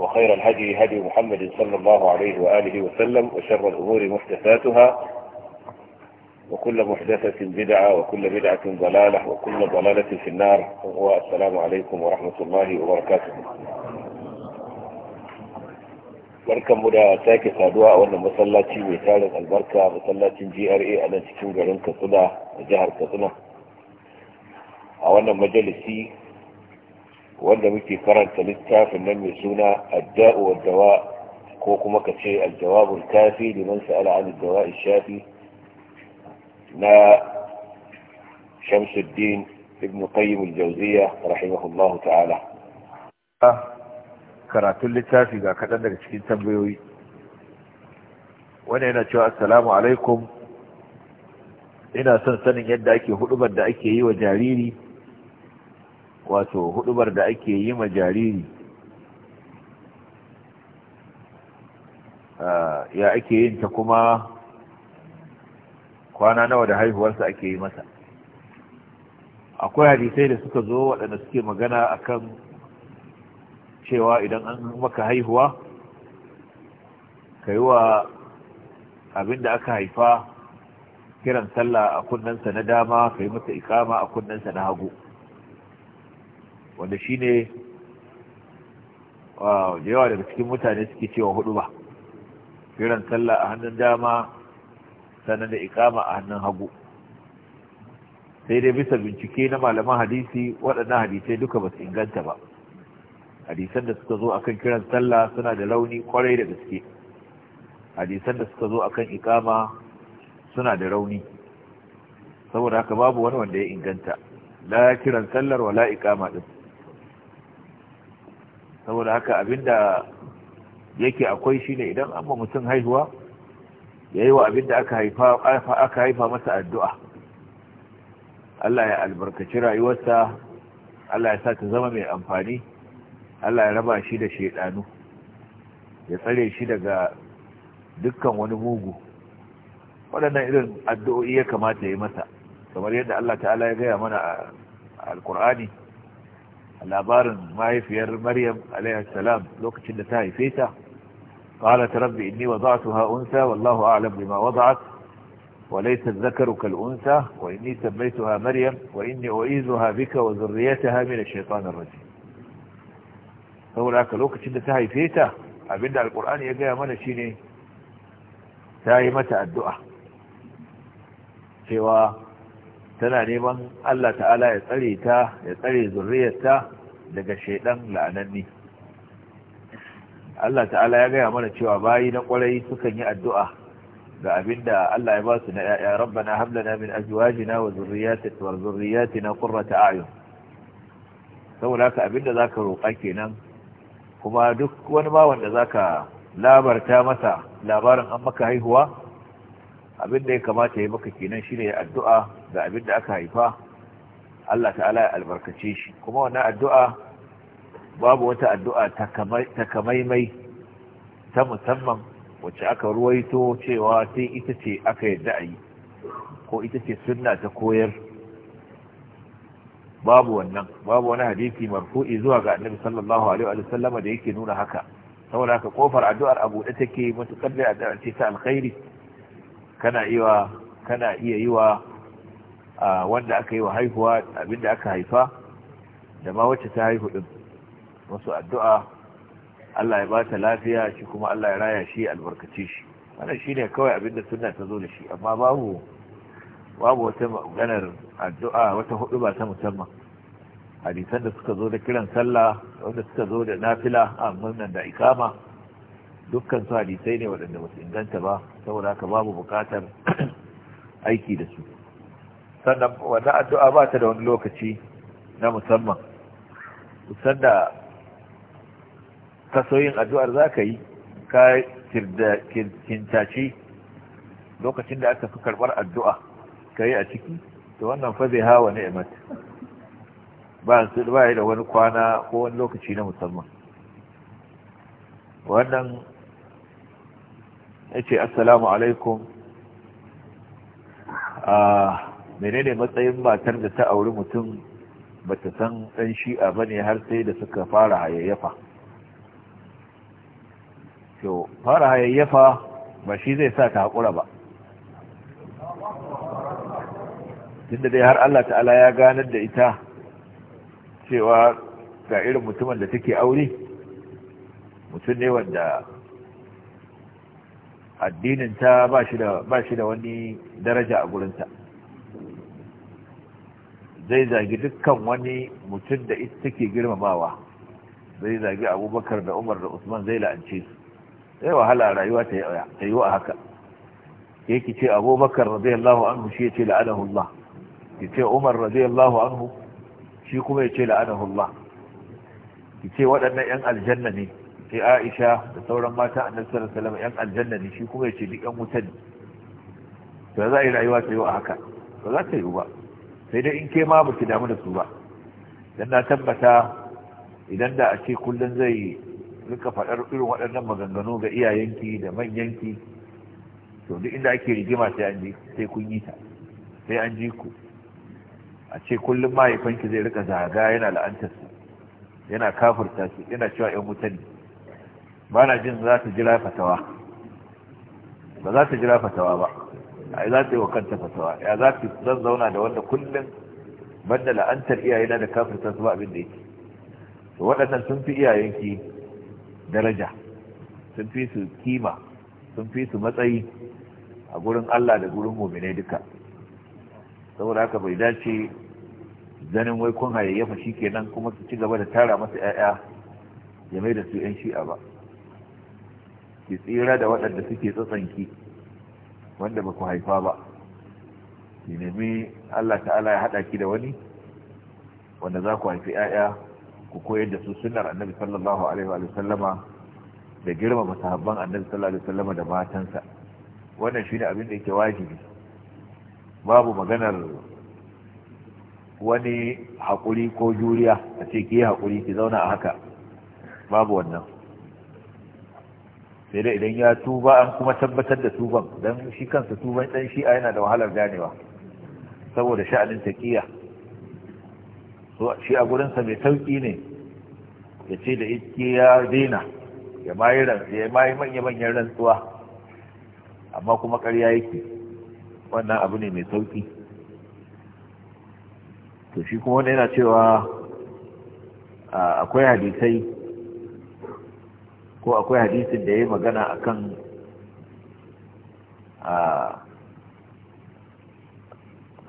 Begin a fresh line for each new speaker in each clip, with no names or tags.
وخير الهدي هدي محمد صلى الله عليه وآله وسلم وشر الأمور محدثاتها وكل محدثة بدعة وكل بدعة ضلالة وكل ضلالة في النار والسلام عليكم ورحمة الله وبركاته barkan mu da sake saduwa a wannan masallaci mai tarin albarka masallacin GRA a nan cikin garin Katsina a jihar Katsina a wannan majalisi wanda muke karanta littafin nan mai suna adda'u wa dawa ko kuma ka ce aljawabul kafi liman sa'ala an dawa shafi na shamsuddin ibn qayyim al-jawziyya rahimahullahu ta'ala ah, karatun littafi ga kaɗan daga cikin tambayoyi wanda yana cewa assalamu alaikum ina son sanin yadda ake hudubar da ake yi wa jariri wato hudubar da ake yi ma jariri ah, ya ake yin ta kuma kwana nawa da haihuwarsa ake yi masa akwai hadisai da suka zo waɗanda suke magana akan cewa idan an maka haihuwa ka yi wa abin da aka haifa kiran sallah a kunnensa na dama ka yi masa ikama a kunnensa na hagu wanda shi ne ah, da yawa daga cikin mutane suke cewa hudu ba kiran sallah a hannun dama sannan da ikama a hannun hagu sai dai bisa bincike na malaman hadisi waɗannan hadisai duka ba su inganta ba hadisan da suka zo akan kiran sallah suna da rauni kwarai da gaske hadisan da suka zo akan ikama suna da rauni saboda haka babu wani wanda ya inganta la kiran sallar wala ikama din saboda haka abinda yake akwai shine idan an mutum haihuwa ya yi wa abinda aka haifa aka haifa masa addu'a Allah ya albarkaci rayuwarsa Allah ya sa ta zama mai amfani Allah ya raba shi da shaidanu, ya tsare shi daga dukkan wani mugu waɗannan irin addu'o'i ya kamata ya yi masa kamar yadda Allah ta'ala ya gaya mana a alkur'ani الأبار مايف في مريم عليها السلام لوك تشدتها يفيتها قالت ربي إني وضعتها أنثى والله أعلم بما وضعت وليس الذكر كالأنثى وإني سميتها مريم وإني أعيذها بك وذريتها من الشيطان الرجيم فولاك لوك تشدتها يفيتها أبدا القرآن يقيا من الشيني تايمة الدؤة شواء tana neman Allah ta'ala ya tsare ta ya tsare zurriyarta daga shaidan la'ananni Allah ta'ala ya gaya mana cewa bayi na kwarai sukan yi addu'a ga abinda Allah ya ba su na ‘ya'ya rabbana lana min azwajina wa zurriyatina qurrata a'yun saboda haka abinda zaka roƙa kenan kuma duk wani ba da zaka labarta masa labarin an maka haihuwa abinda ya kamata ya maka kenan shine addu'a da abin da aka haifa Allah ta'ala ya albarkace shi kuma wannan addu'a babu wata addu'a ta kamaimai ta musamman wacce aka ruwaito cewa sai ita ce aka yadda a yi ko ita ce sunna ta koyar babu wannan babu wani hadisi marfu'i zuwa ga annabi sallallahu alaihi wa sallama da yake nuna haka saboda haka kofar addu'ar abu da take mutukar da addu'ar ce ta alkhairi kana iya kana iya yiwa wanda aka yi wa haihuwa abinda aka haifa da ma wacce ta haihu ɗin wasu addu'a Allah ya ba ta lafiya shi kuma Allah ya raya shi albarkace shi wannan ne kawai abinda suna ta zo da shi amma babu babu wata maganar addu'a wata hudu ba ta musamman hadisan da suka zo da kiran sallah wanda suka zo da nafila a murnan da ikama dukkan su hadisai ne waɗanda ba su inganta ba saboda haka babu buƙatar aiki da su sannan wannan addu'a ba ta da wani lokaci na musamman kusan da kasoyin addu'ar za ka yi ka kintaci lokacin da aka fi karɓar addu'a ka yi a ciki to wannan fa zai hawa ni'imat ba su ba da wani kwana ko wani lokaci na musamman wannan ya ce assalamu alaikum a ah, menene matsayin matar da ta auri mutum bata san ɗan shi'a ba ne har sai da suka fara hayayyafa to fara hayayyafa ba shi zai sa ta haƙura ba tunda dai har Allah ta'ala ya ganar da ita cewa ga irin mutumin da take aure mutum ne wanda addinin ta ba shi da wani daraja a gurinta zai zagi dukkan wani mutum da ita take girmamawa zai zagi abubakar da umar da usman zai la'ance su zai wahala rayuwa ta yi wa haka yake ce abubakar radiyallahu anhu shi ya ce la'anahullah ya ce umar Allahu anhu shi kuma ya ce la'anahullah ya ce waɗannan 'yan aljanna ne sai aisha da sauran mata a nasarar salama 'yan aljanna ne shi kuma ya ce duk 'yan wuta ne da za a yi rayuwa ta yi wa haka ba za ta yi ba sai dai in ke ma ba ki damu da su ba dan na tabbata idan da a ce kullum zai rika faɗar irin waɗannan maganganu ga iyayenki da manyanki to duk inda ake rigima sai an ji sai kun yi ta sai an ji ku a ce kullum mahaifanki zai rika zaga yana la'antar su yana kafirta su yana cewa yan wuta ne ba na jin za ta jira fatawa ba za ta jira fatawa ba ai za ta yi wa kanta fasawa ya za ta zan zauna da wanda kullum banda la'antar iyayena da kafirta su ba abin da yake to waɗannan sun fi iyayenki daraja sun fi su kima sun fi su matsayi a gurin Allah da gurin muminai duka saboda haka bai dace zanin wai kun hayayyafa kenan kuma su ci gaba da tara masa 'ya'ya ya mai da su 'yan shi'a ba ki tsira da waɗanda suke tsatsanki wanda ba ku haifa ba ki nemi Allah ta'ala ya haɗa ki da wani wanda za ku haifi 'ya'ya ku koyar da su sunnar annabi sallallahu alaihi wa sallama da girmama sahabban annabi sallallahu alaihi wa sallama da matansa wannan shi ne abin da yake wajibi babu maganar wani haƙuri ko juriya a ce ki yi haƙuri ki zauna a haka babu wannan sai dai idan ya tuba an kuma tabbatar da tuban don shi kansa tuban ɗan shi'a yana da wahalar ganewa saboda sha'anin taƙiya shi a gurinsa mai sauƙi ne ya ce da iske ya daina ya mayi manya-manyan rantsuwa amma kuma ƙarya yake wannan abu ne mai sauƙi to shi kuma wani yana cewa akwai hadisai ko akwai hadisin da ya yi magana akan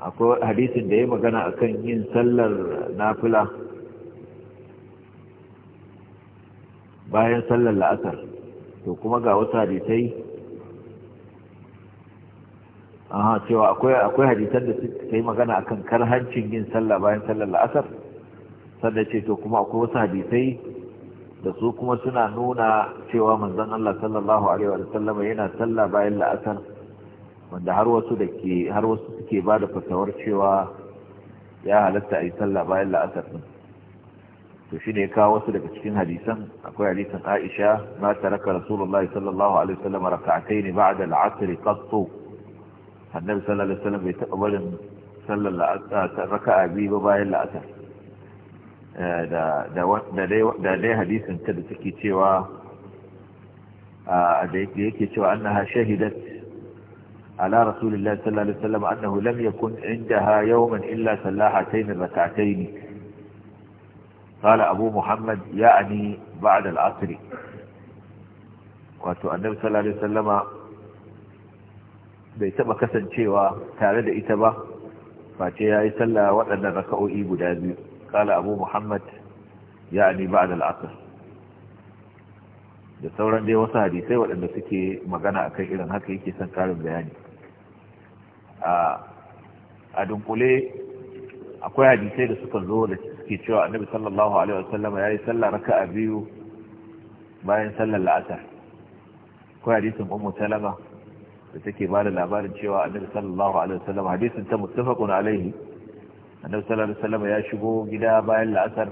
akwai hadisin da ya magana kan yin sallar nafila bayan sallar la'asar to kuma ga wasu hadisai aha cewa akwai hadisar hadisan da suka yi magana akan karhancin yin sallar bayan sallar la'asar sannan ce to kuma akwai wasu hadisai da su kuma suna nuna cewa manzon Allah sallallahu alaihi wa sallam yana sallah bayan la'asar wanda har wasu da ke har wasu suke ba da fatawar cewa ya halatta a yi sallah bayan la'asar din to shi ne kawo wasu daga cikin hadisan akwai hadisan Aisha ma taraka Rasulullahi sallallahu alaihi wasallam raka'atayn ba'da al-'asr qattu annabi sallallahu alaihi wasallam bai taba barin sallar la'asar raka'a biyu bayan la'asar Eh, da dai hadisun ta da suke cewa da yake cewa annaha shahidat ala rasulillah sallallahu alaihi wasallam annahu lam yakun indaha yawman illa sallahatayn rak'atayn qala abu muhammad ya'ni ba'd al-asr wato annabi sallallahu alaihi wasallam bai taba kasancewa tare da ita ba face yayi sallah waɗannan raka'o'i guda biyu قال أبو محمد يعني بعد العصر da sauran dai wasu hadisai waɗanda suke magana a kai irin haka yake son ƙarin bayani a dunkule akwai hadisai da suka zo da suke cewa annabi sallallahu alaihi sallama ya yi sallah raka a biyu bayan sallar la'asar akwai hadisin ummu salama da take ba da labarin cewa annabi sallallahu alaihi wasallam hadisin ta mutafakun alaihi annabi sallallahu alaihi ya shigo gida bayan la'asar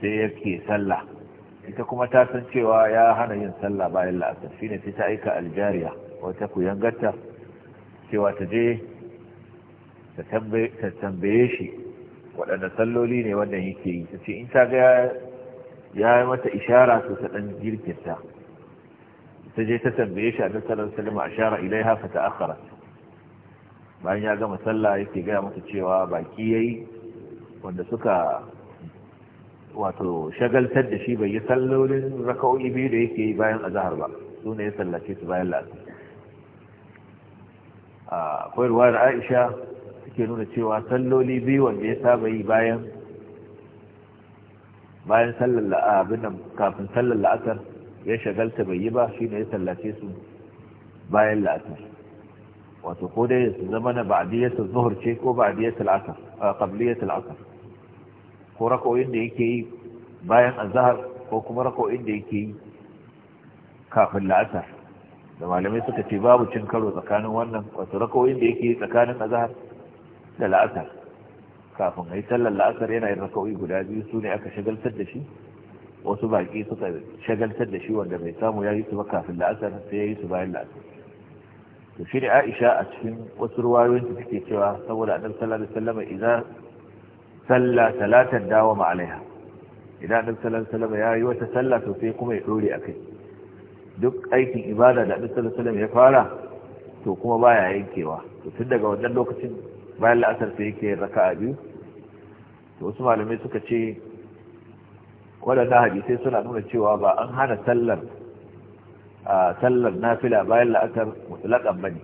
sai yake sallah ita kuma ta san cewa ya hana yin sallah bayan la'asar shine sai ta aika aljariya wata kuyangarta cewa ta je ta tambaye shi waɗanda salloli ne wannan yake yi ta ce in ta ga ya yi mata ishara su ta ɗan ta je ta tambaye shi a nasarar salama a shara ilai hafa ta akharat bayan ya gama sallah yake gaya masa cewa baki yayi wanda suka wato shagaltar da shi bai yi sallolin raka'o'i biyu da yake yi bayan azahar ba su ne ya sallace su bayan la'asar akwai ruwa da aisha suke nuna cewa salloli biyu wanda ya saba yi bayan bayan sallar abin nan kafin sallar la'asar ya shagalta bai yi ba shi ne ya sallace su bayan la'asar wato ko dai su zama na ba'diyatul zuhur ce ko ba'diyatul asr qabliyatul asr ko rakoyin da yake yi bayan azhar ko kuma rakoyin da yake yi kafin la'asar da malamai suka ce babu cin karo tsakanin wannan wato rakoyin da yake yi tsakanin azhar da la'asar kafin ai sallar la'asar yana yin rakoyi guda biyu su ne aka shagaltar da shi wasu baki suka shagaltar da shi wanda bai samu ya yi su ba kafin la'asar sai ya yi su bayan la'asar to shi ne aisha a cikin wasu ruwayoyin da take cewa saboda annabi sallallahu alaihi wasallam idan salla salatan dawo ma alaiha idan annabi sallallahu alaihi wasallam yayi wata salla to sai kuma ya dore akai duk aikin ibada da annabi sallallahu alaihi wasallam ya fara to kuma baya yankewa to tun daga wannan lokacin bayan la'asar sai yake raka'a biyu to wasu malamai suka ce waɗannan hadisai suna nuna cewa ba an hana sallar sallar nafila bayan la'akar mutlaƙan ba ne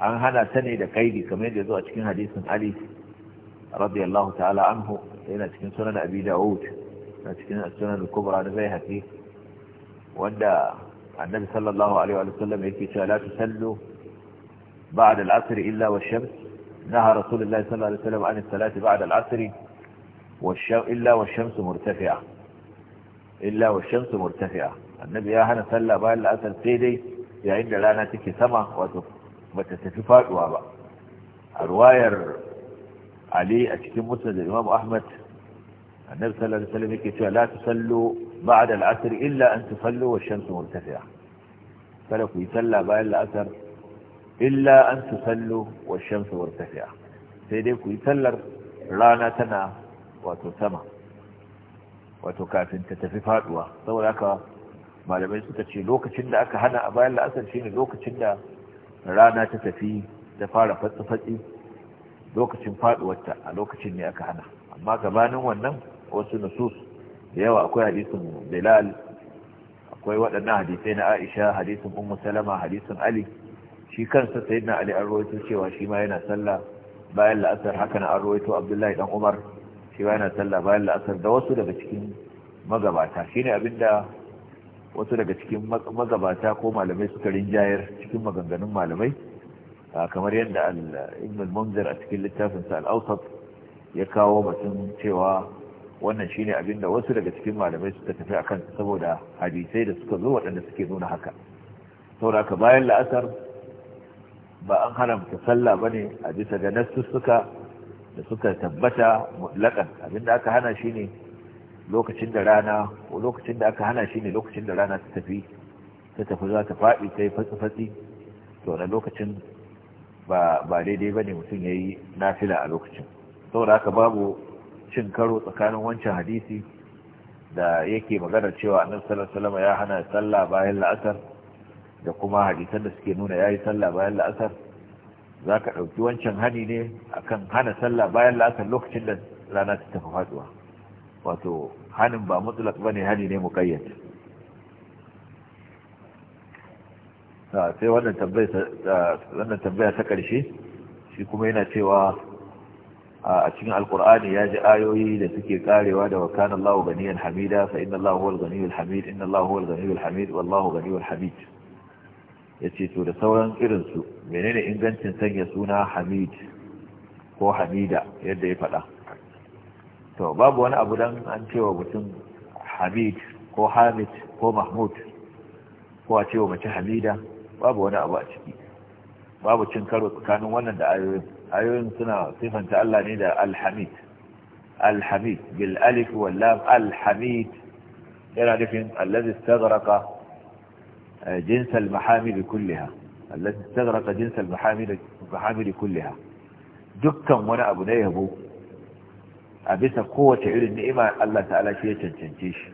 an hana ta ne da kaidi kamar yadda zuwa cikin hadisin ali radiyallahu ta'ala anhu yana cikin sunan abi da'ud na cikin sunan kubra na zai haƙi wanda annabi sallallahu alaihi wa sallam yake cewa la tusallu ba'da al-asr illa wash-shams naha rasulullahi sallallahu alaihi wa sallam an as-salati ba'da al-asr wash-shams illa wash-shams murtafi'a illa wash-shams murtafi'a annabi ya hana sallah bayan la'asar sai dai yayin da rana take sama wato bata tafi faduwa ba a ruwayar ali a cikin musnad imam ahmad annabi sallallahu alaihi wasallam yake cewa la tusallu ba'da al'asr illa an tusallu wa shamsu murtafi'a kada ku yi sallah bayan la'asar illa an tusallu wa shamsu murtafi'a sai dai ku yi sallar rana tana wato sama wato kafin ta tafi faduwa saboda haka malamai suka ce lokacin da aka hana a bayan la'asar shine lokacin da rana ta tafi ta fara fatsi-fatsi lokacin faduwarta a lokacin ne aka hana amma gabanin wannan wasu nusus da yawa akwai hadisin bilal akwai waɗannan hadisai na aisha hadisin ummu salama hadisin ali shi kansa sayyidina ali an rawaito cewa shi ma yana sallah bayan la'asar haka na an rawaito abdullahi dan umar shi ma yana sallah bayan la'asar da wasu daga cikin magabata shine abinda wasu daga cikin magabata ko malamai suka rinjayar cikin maganganun malamai kamar yadda ibn al a cikin littafin sa ya kawo batun cewa wannan shine abin da wasu daga cikin malamai suka tafi a akan saboda hadisai da suka zo waɗanda suke nuna haka saboda ka bayan la'asar ba an haramta sallah bane a bisa ga nassussuka da suka tabbata mutlakan abinda aka hana shine lokacin da rana ko lokacin da aka hana shi ne lokacin da rana ta tafi ta tafi za ta faɗi ta yi fatsi-fatsi to na lokacin ba daidai ba ne mutum ya yi nafila a lokacin saboda aka babu cin karo tsakanin wancan hadisi da yake magana cewa annan salar salama ya hana sallah bayan la'asar da kuma hadisan da suke nuna ya yi sallah bayan la'asar za ka ɗauki wancan hani ne akan hana sallah bayan la'asar lokacin da rana ta tafi faɗuwa wato hanin ba ba ne, hani ne muqayyad ah, sai wannan tambayar wannan tambaya ta karshe ah, shi kuma yana cewa a cikin alkur'ani ya ji ayoyi da suke karewa da wa Allah Allahu ganiyan hamida fa inna Allah huwal ganiyul hamid inna Allah huwal ganiyul hamid wallahu ganiyul hamid yace to da sauran irin su menene ingancin sanya suna hamid ko hamida yadda ya faɗa to babu wani abu dan an cewa mutum hamid ko hamid ko mahmud ko a cewa mace hamida babu wani abu a ciki babu cin karo tsakanin wannan da ayoyin ayoyin suna sifanta Allah ne da alhamid alhamid bil alif wal alhamid yana nufin allazi istaghraqa eh, jins al mahamid kullaha allazi istaghraqa jins mahamid mahamid kullaha dukkan wani abu na yabo a bisa kowace irin ni'ima Allah ta'ala shi ya cancance shi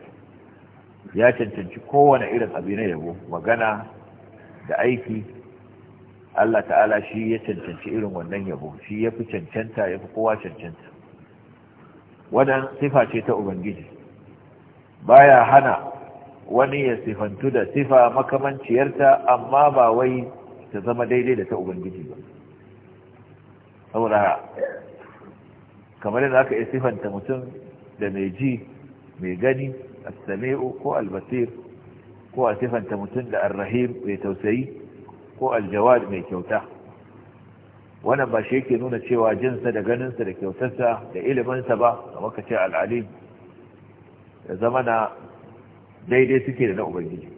ya cancanci kowane irin abu na yabo magana da aiki Allah ta'ala shi ya cancanci irin wannan yabo shi ya fi cancanta ya fi kowa cancanta wadan sifa ce ta ubangiji baya hana wani ya sifantu da sifa makamanciyarta amma ba wai ta zama daidai da ta ubangiji ba saboda kamar yadda aka isifanta mutum da mai ji mai gani a samiu ko Albasir, basir ko a sifanta mutum da ar-rahim mai tausayi ko al-jawad mai kyauta wannan ba shi yake nuna cewa jinsa da ganinsa da kyautarsa da iliminsa ba kamar ka ce ya zama na daidai suke da na ubangiji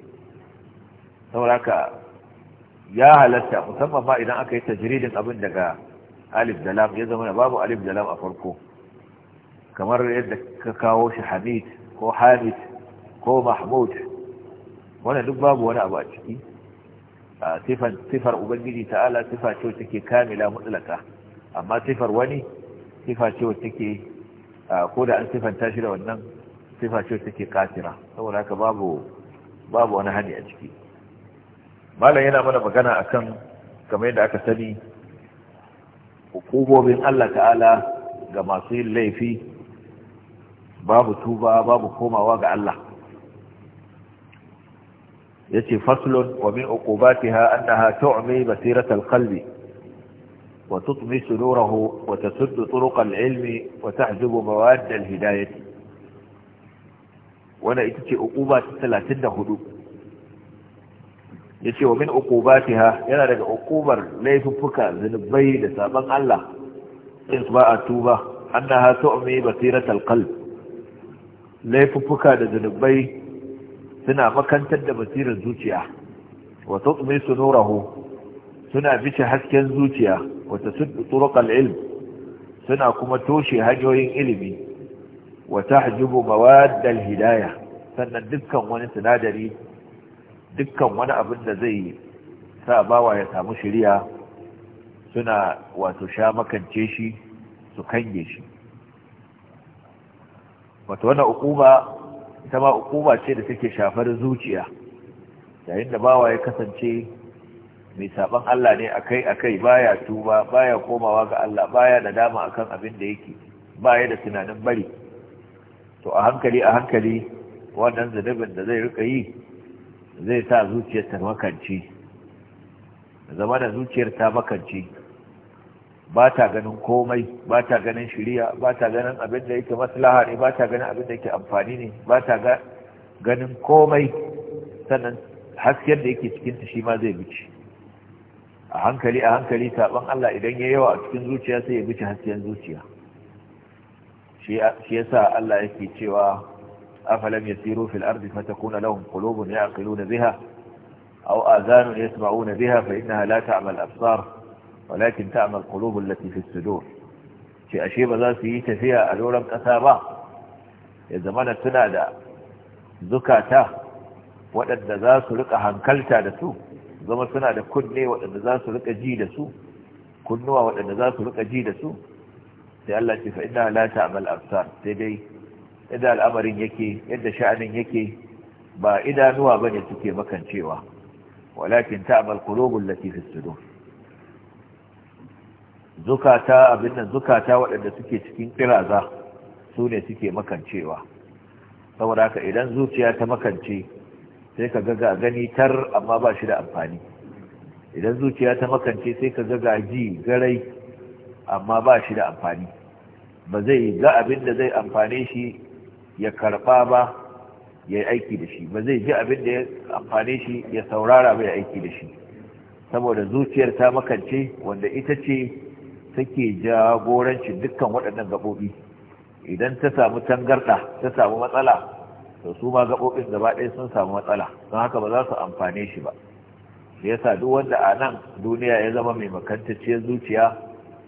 saboda ya halatta musamman ma idan aka yi tajiridin abin daga alif da lam ya zama babu alif da lam a farko kamar yadda ka kawo shi hamid ko hamid ko mahmud wannan duk babu wani abu a ciki A sifar ubangiji ta'ala sifa ce take kamila mutlaka amma sifar wani sifa ce take ko da an sifanta shi da wannan sifa ce take kasira saboda haka babu babu wani hani a ciki malam yana mana magana akan kamar yadda aka sani hukumomin Allah ta'ala ga masu yin laifi babu tuba babu komawa ga Allah yace faslun wa min uqubatiha annaha tu'mi basirat al-qalbi wa tutmi sunurahu wa tasuddu turuq al-ilmi wa tahjubu mawad al-hidayah wana ita ce uquba ta 34 ya ce wa min uqubatiha yana daga ukubar laifuffuka zunubai da saban Allah in ba a tuba annaha tu'mi basiratal qalb laifuffuka da zunubai suna makantar da basirar zuciya wa tu'mi sunurahu suna bice hasken zuciya wata suddu turuqal ilm suna kuma toshe hanyoyin ilimi wa tahjubu mawaddal hidayah sannan dukkan wani sinadari dukkan wani abin da zai sa bawa ya samu shirya suna wato sha makance shi su kange shi wato wannan ukuba ita ma ukuba ce da take shafar zuciya yayin da bawa ya kasance mai saban Allah ne akai akai baya tuba baya komawa ga Allah baya dama akan abin da yake baya da tunanin bari to a hankali a hankali wannan zanubin da zai rika yi zai sa zuciyar ta makanci zama da zuciyar ta makanci ba ta ganin komai ba ta ganin shirya ba ta ganin abin da yake maslaha ne ba ta ganin abin da yake amfani ne ba ta ganin komai sannan hasken da yake cikinta shi ma zai bici a hankali a hankali saban Allah idan ya yawa a cikin zuciya sai ya bici hasken zuciya shi ya sa Allah yake cewa أفلم يسيروا في الأرض فتكون لهم قلوب يعقلون بها أو آذان يسمعون بها فإنها لا تعمى الأبصار ولكن تعمى القلوب التي في الصدور في أشياء ذاتي يتفيا ألولم ما يزمان التنادى زكاتا وأن ذا سلقة هنكلتا لسو زمان التنادى كني وأن ذا سلقة جيدة سو كنوا وأن ذا سلقة جيدة سو سيالله فإنها لا تعمل الأبصار تدي yadda al'amarin yake yadda sha'anin yake ba idanuwa bane suke makancewa walakin ta'mal qulubul lati fi sudur zukata abin nan zukata waɗanda suke cikin kiraza su ne suke makancewa saboda haka idan zuciya ta makance sai ka ga gani tar amma ba shi da amfani idan zuciya ta makance sai ka ga ji garai amma ba shi da amfani ba zai ga abin da zai amfane shi ya karba ba ya aiki da shi ba zai ji abin da ya amfane shi ya saurara ba ya aiki da shi saboda zuciyar ta makance wanda ita ce take jagoranci dukkan waɗannan gaɓoɓi idan ta samu tangarɗa ta samu matsala to su ma gaɓoɓin gaba ɗaya sun samu matsala don haka ba za su amfane shi ba shi yasa duk wanda a nan duniya ya zama mai makantacciyar zuciya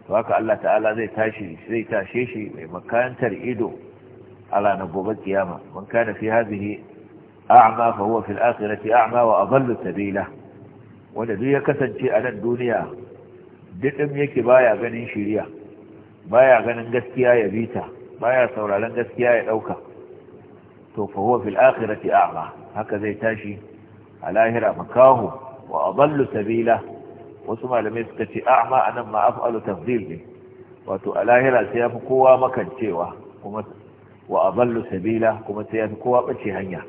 to haka Allah ta'ala zai zai tashe shi mai makantar ido على نبوة القيامة من كان في هذه أعمى فهو في الآخرة أعمى وأضل سبيله wanda ya kasance a nan duniya dukkan yake baya ganin shiriya baya ganin gaskiya ya bita baya sauraron gaskiya ya dauka to fa huwa fil akhirati a'ma haka zai tashi a lahira wa adallu sabila wasu malamai suka ce a'ma anan ma tafdil ne wato lahira sai yafi kowa makancewa kuma wa aballu sabila kuma sai ya fi kowa bace hanya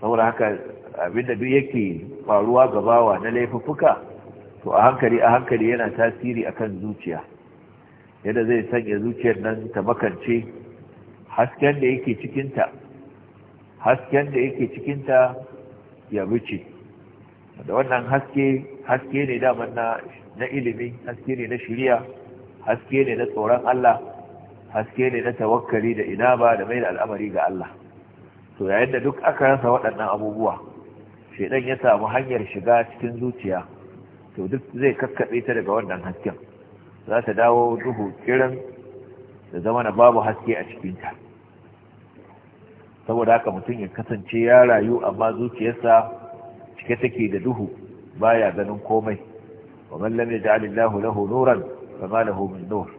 saboda haka abinda duk yake faruwa ga bawa na laifuffuka to a hankali a hankali yana tasiri akan zuciya yadda zai sanya zuciyar nan ta makance hasken da yake cikinta hasken da yake cikinta ya wuce da wannan haske haske ne daman na ilimi haske ne na shirya haske ne na tsoron Allah haske ne na tawakkali da inaba da mai da al'amari ga Allah to yayin da duk aka rasa waɗannan abubuwa shedan ya samu hanyar shiga cikin zuciya to duk zai kakkabe ta daga wannan hasken za ta dawo duhu kiran da zama na babu haske a cikinta saboda haka mutum ya kasance ya rayu amma zuciyarsa cike take da duhu baya ganin komai wa man lam yaj'alillahu Allahu lahu nuran fama lahu min nur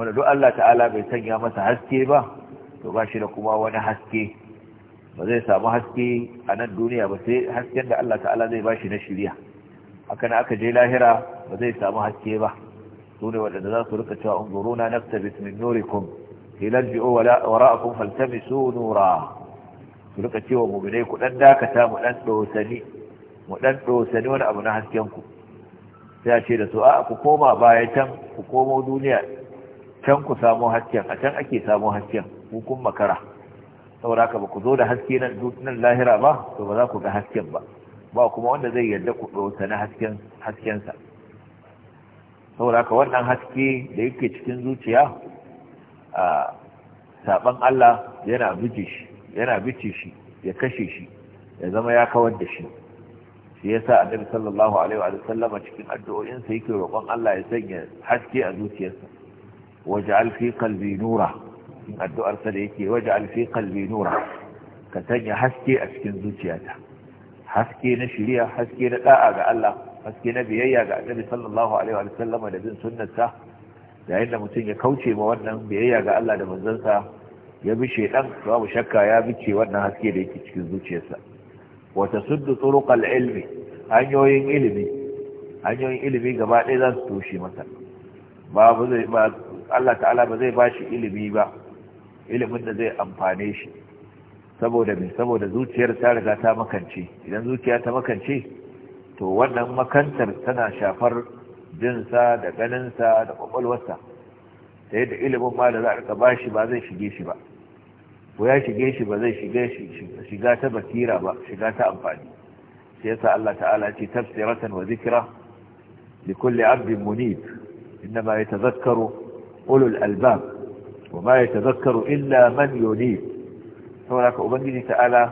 wanda duk Allah ta'ala bai sanya masa haske ba to ba shi da kuma wani haske ba zai samu haske a nan duniya ba sai hasken da Allah ta'ala zai ba shi na shirya haka na aka je lahira ba zai samu haske ba su ne waɗanda za su rika cewa na naktabis min nurikum ilarji'u wara'akum faltamisu nura su rika cewa mu mu'minai ku ɗan dakata mu ɗan dosani mu dan dosani wani abu na hasken ku sai a ce da su a ku koma bayan can ku komo duniya can ku samo hasken a can ake samo hasken hukun makara saboda ba ku zo da haske nan lahira ba to ba za ku ga hasken ba ba kuma wanda zai yarda ku ɗauta na hasken haskensa saboda wannan haske da yake cikin zuciya a saban Allah yana bice shi ya kashe shi ya zama ya kawar da shi shi yasa annabi sallallahu alaihi wa sallama cikin addu'o'insa yake roƙon Allah ya sanya haske a zuciyarsa waj'al fi qalbi nura addu'ar sa da yake waj'al fi qalbi nura ka sanya haske a cikin zuciyata haske na shiriya haske na da'a ga Allah haske na biyayya ga Annabi sallallahu alaihi wa sallam, da bin sunnarsa Da yadda mutum ya kauce ma wannan biyayya ga Allah da manzansa ya bi shedan babu shakka ya bice wannan haske da yake cikin zuciyarsa wa tasuddu turuqal ilmi hanyoyin ilimi hanyoyin ilimi gaba ɗaya za su toshe masa babu zai Allah ta'ala ba zai bashi ilimi ba ilimin da zai amfane shi saboda mai saboda zuciyar ta riga ta makance idan zuciya ta makance to wannan makantar tana shafar jinsa da ganinsa da kwakwalwarsa ta yadda ilimin ma da za a rika bashi ba zai shige shi ba ko ya shige shi ba zai shiga ta bakira ba shiga ta amfani sai yasa Allah ta'ala ce tafsiratan wa zikra لكل عبد منيب إنما يتذكر ulul albab wa ma yatazakkaru illa man yunib saboda ka ubangiji ta'ala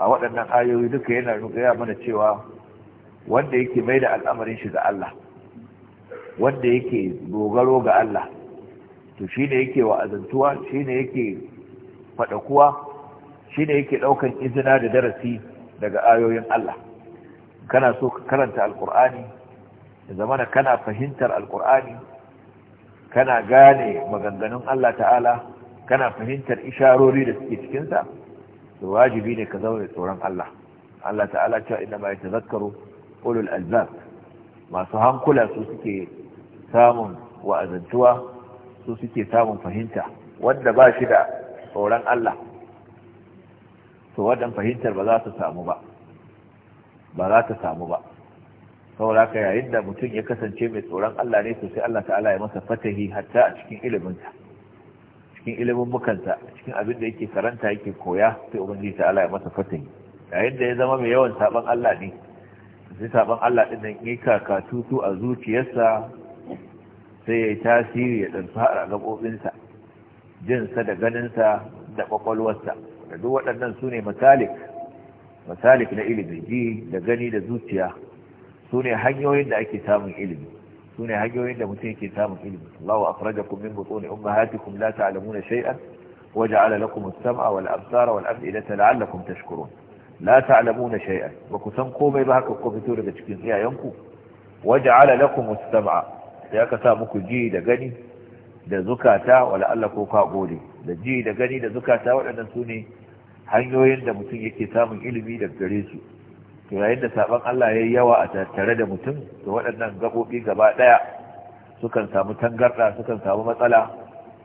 a waɗannan ayoyi duka yana gaya mana cewa wanda yake mai da al'amarin shi ga Allah wanda yake dogaro ga Allah to shi ne yake wa'azantuwa shi ne yake faɗakuwa shi yake ɗaukan izina da darasi daga ayoyin Allah kana so ka karanta alƙur'ani da zamana kana fahimtar alƙur'ani kana gane maganganun Allah ta'ala kana fahimtar isharori da suke cikinsa to wajibi ne ka zaune tsoron Allah Allah ta'ala cewa inda ma ya tazakkaru ulul albab masu hankula su suke samun wa'azantuwa su suke samun fahimta wanda ba shi da tsoron Allah to wadan fahimtar ba za ta samu ba ba za ta samu ba saboda haka yayin da mutum ya kasance mai tsoron Allah ne sosai Allah ta'ala ya masa fatahi hatta a cikin ta cikin ilimin mukansa cikin abin da yake karanta yake koya sai ubangiji ta'ala ya masa fatahi yayin da ya zama mai yawan saban Allah ne sai saban Allah din nan yi kaka tutu a zuciyarsa sai ya tasiri ya fara gabobin a jin jinsa da ganinsa da ƙwaƙwalwarsa da duk waɗannan su ne misalik na ilimi ji da gani da zuciya su ne hanyoyin da ake samun ilimi su ne hanyoyin da mutum yake samun ilimi a Allahu akhrajakum min butuni ummahatikum la ta'lamuna shay'an wa ja'ala lakum as-sam'a wal absara wal af'idata la'allakum tashkurun la na shai'an. ba ku san komai ba haka ku fito daga cikin iyayenku Waje ja'ala lakum as-sam'a ya ka sa muku ji da gani da zukata wala Allah ko ka gode da ji da gani da zukata waɗannan su ne hanyoyin da mutum yake samun ilimi daga gare su to yayin da saban Allah ya yi yawa a tattare da mutum to waɗannan gabobi gaba ɗaya sukan samu tangarɗa, sukan samu matsala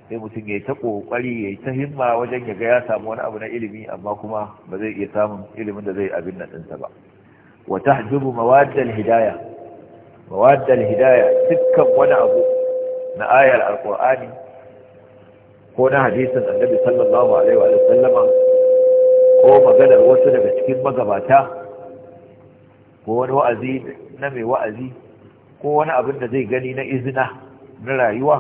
sai mutum ya yi ta ƙoƙari ya yi ta himma wajen ya ga ya samu wani abu na ilimi amma kuma ba zai iya samun ilimin da zai abin nan ɗinsa ba wa ta hajjubu mawaddal hidaya mawaddal hidaya dukkan wani abu na ayar alqur'ani ko na hadisin annabi sallallahu alaihi wa sallama ko maganar wasu daga cikin magabata ko wani wa'azi na mai wa'azi ko wani abin da zai gani na izina na rayuwa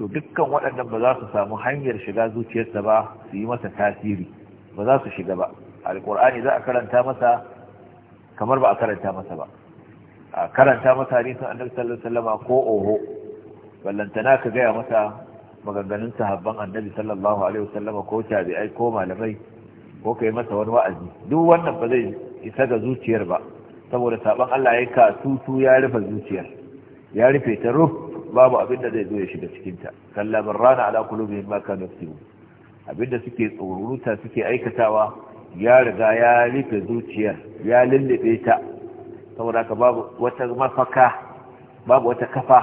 to dukkan waɗannan ba za su samu hanyar shiga zuciyarsa ba su yi masa tasiri ba za su shiga ba alƙur'ani za a karanta masa kamar ba a karanta masa ba a karanta masa sun annabi sallallahu alaihi wasallam ko oho ballantana ka gaya masa maganganun sahabban annabi sallallahu alaihi wasallam ko tabi'ai ko malamai ko kai masa wani wa'azi duk wannan ba zai isa ga zuciyar ba saboda saban Allah ya ka tutu ya rufe zuciyar ya rufe ta ruf babu abin da zai zo ya shiga cikin ta kalla barrana ala kulubihim ma kanu yaksubun abin da suke tsoruta suke aikatawa ya riga ya rufe zuciyar ya lullube ta saboda ka babu wata mafaka babu wata kafa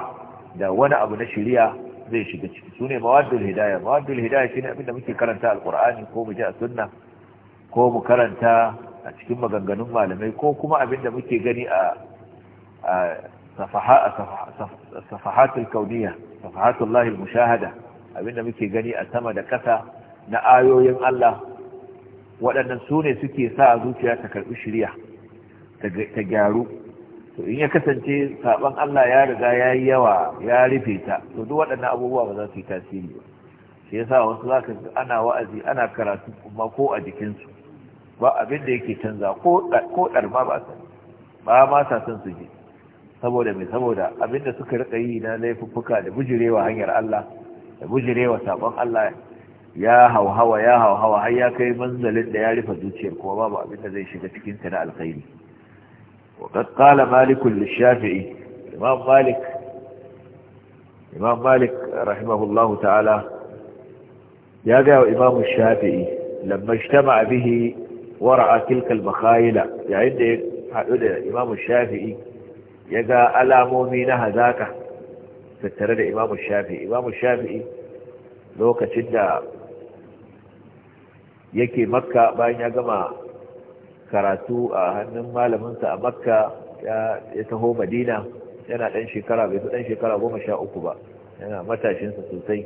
da wani abu na shari'a zai shiga ciki sune mawaddul hidaya mawaddul hidaya shine abin da muke karanta alqur'ani ko mu ji sunna ko mu karanta a cikin maganganun malamai ko kuma abin da muke gani a safahatul kauniya safahatul lahil mushahada abin da muke gani a sama da ƙasa na ayoyin Allah waɗannan su ne suke sa zuciya ta karɓi shirya ta gyaru to in ya kasance saban Allah ya riga ya yi yawa ya rufe ta to duk waɗannan abubuwa ba za su yi tasiri ba shi yasa wasu za ka ana wa'azi ana karatu kuma ko a jikinsu ba abin da yake canza ko ɗarma ba sani ba ma sa son su ji saboda mai saboda abin da suka riƙa yi na laifuffuka da bujirewa hanyar Allah da bujirewa sabon Allah ya hauhawa ya hauhawa har ya kai manzalin da ya rufe zuciyar kuma babu abin da zai shiga cikin ta na alkhairi wa qad qala malik al-shafi'i imam malik imam malik rahimahullahu ta'ala ya ga imam shafi'i lamma ijtama'a bihi wara'a tilkal bakhayila yayin da ya haɗu da imamu shafi'i ya ga alamomi na hazaka tattare da imamu shafi'i imamu shafi'i lokacin da yake makka bayan ya gama karatu a hannun malaminsa a makka ya taho madina yana ɗan shekara bai fi ɗan shekara goma sha uku ba yana matashinsa sosai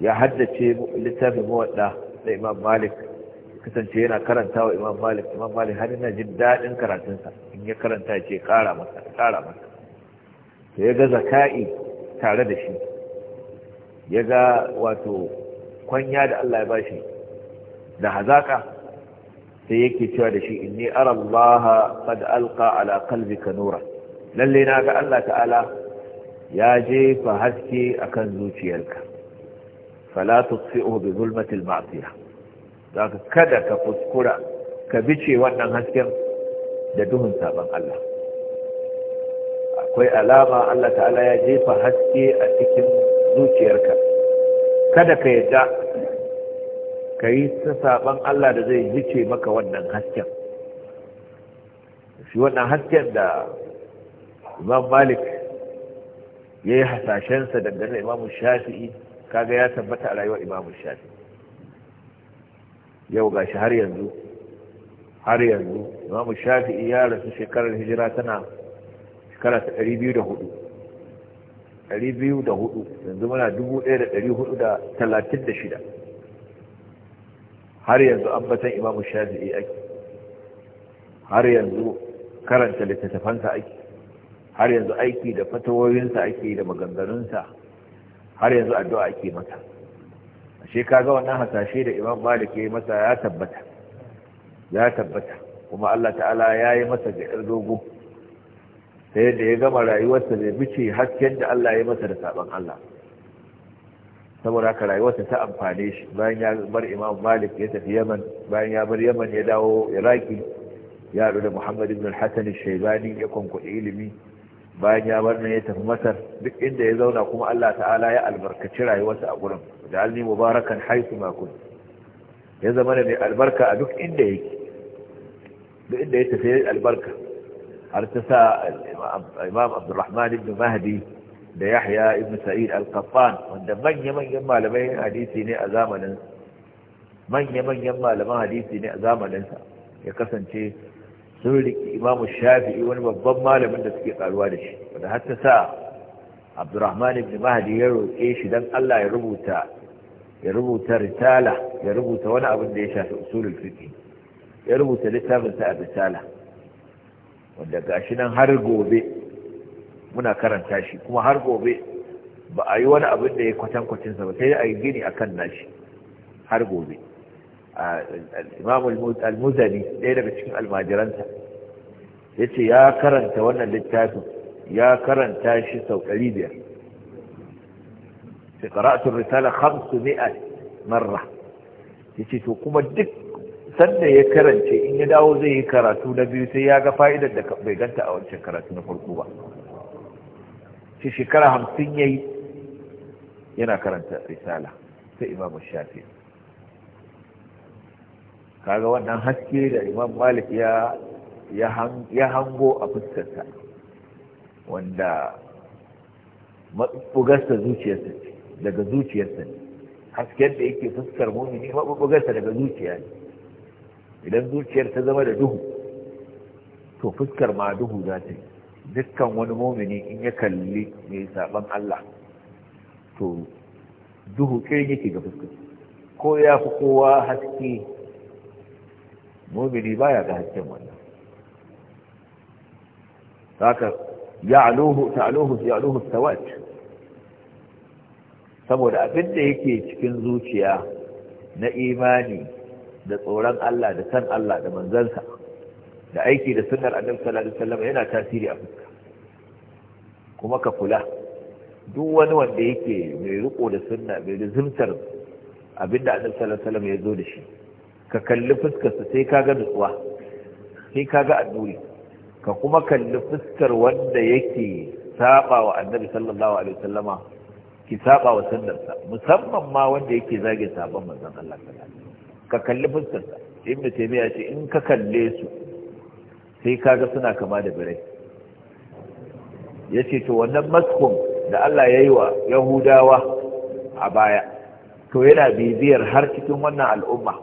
ya haddace littafin mawaɗa da imam malik kasance yana karanta wa imam malik imam malik har yana jin daɗin karatunsa in ya karanta ce ƙara masa ƙara masa to ya ga zaka'i tare da shi ya ga wato kwanya da Allah ya bashi da hazaka sai yake cewa da shi inni ara Allah qad alqa ala qalbika nura lalle na ga Allah ta'ala ya jefa haske akan zuciyarka fala tusfi'u bi zulmati al-ma'siyah zaka kada ka kuskura ka bice wannan hasken da duhun saban Allah akwai alama Allah ta'ala ya jefa haske a cikin zuciyarka kada ka yadda ka yi ta saban Allah da zai bice maka wannan hasken shi wannan hasken da imam malik ya yi hasashensa dangane imamu shafi'i kaga ya tabbata a rayuwar imam shafi'i yau ga shi har yanzu har yanzu imamu shafi'i ya rasu shekarar hijira tana shekara ta 204 204 yanzu muna 1436 har yanzu ambatan imamu shafi'i ake har yanzu karanta littattafansa ake har yanzu aiki da fatawoyinsa ake da maganganunsa har yanzu addu'a ake mata ashe kaga wannan hasashe da imam malik yayi masa ya tabbata ya tabbata kuma Allah ta'ala yayi masa da dogo sai da ya gama rayuwarsa da bice hasken da Allah ya masa da saban Allah saboda haka rayuwarsa ta amfane shi bayan ya bar imam malik ya tafi yaman bayan ya bar yaman ya dawo iraki ya da muhammad ibn al-hasan al-shaybani ya kwankwaɗe ilimi bayan ya bar nan ya tafi masar duk inda ya zauna kuma Allah ta'ala ya albarkaci rayuwarsa a gurin waj'alni mubarakan haythu ma kun ya zama da mai albarka a duk inda yake duk inda ya tafi albarka har ta sa imam abdurrahman ibn mahdi da yahya ibn sa'id al-qattan wanda manya-manyan malamai hadisi ne a zamanin manya-manyan malaman hadisi ne a zamanin sa ya kasance sun riki imam shafi'i wani babban malamin da suke karuwa da shi wanda har ta sa abdurrahman ibn mahdi ya roƙe shi dan Allah ya rubuta ya rubuta ya rubuta wani abin da ya shafi usulul fiqh ya rubuta littafin sa risala wanda gashi nan har gobe muna karanta shi kuma har gobe ba a yi wani abin da ya kwatan kwacin sa ba sai a yi gini akan nashi har gobe imam al-muzani ɗaya daga cikin almajiransa ce ya karanta wannan littafin ya karanta shi sau 500 shi qara'atu risala 500 marra ce to kuma duk sanda ya karance in ya dawo zai yi karatu na biyu sai ya ga fa'idar da bai ganta a wancan karatu na farko ba shi shekara hamsin ya yi yana karanta risala ta imamu shafi kaga wannan haske da imam malik ya hango a fuskarsa wanda maɓuɓɓugarsa zuciyarsa daga zuciyarsa ne hasken da yake fuskar mumini maɓuɓɓugarsa daga zuciya ne idan zuciyar ta zama da duhu to fuskar ma duhu za ta yi dukkan wani mumini in ya kalli mai saɓan Allah to duhu kirin yake ga fuskar ko ya fi kowa haske mumini baya ga hasken wannan يعلوه تعلوه يعلوه sawat saboda abin da yake cikin zuciya na imani da tsoron Allah da san Allah da manzansa da aiki da sunnar annabi sallallahu alaihi wasallam yana tasiri a fuska kuma ka kula duk wani wanda yake mai riko da sunna mai abin abinda annabi sallallahu alaihi wasallam ya zo da shi ka kalli fuskarsa sai ka ga nutsuwa sai ka ga annuri ka kuma kalli fuskar wanda yake saba wa annabi sallallahu alaihi wasallama ki saba wa musamman ma wanda yake zage saban manzon Allah sallallahu alaihi wasallam ka kalli fuskarsa ibnu taymiya ce in ka kalle su sai kaga suna kama da birai yace to wannan maskun da Allah yayi wa yahudawa a baya to yana bibiyar har cikin wannan al'umma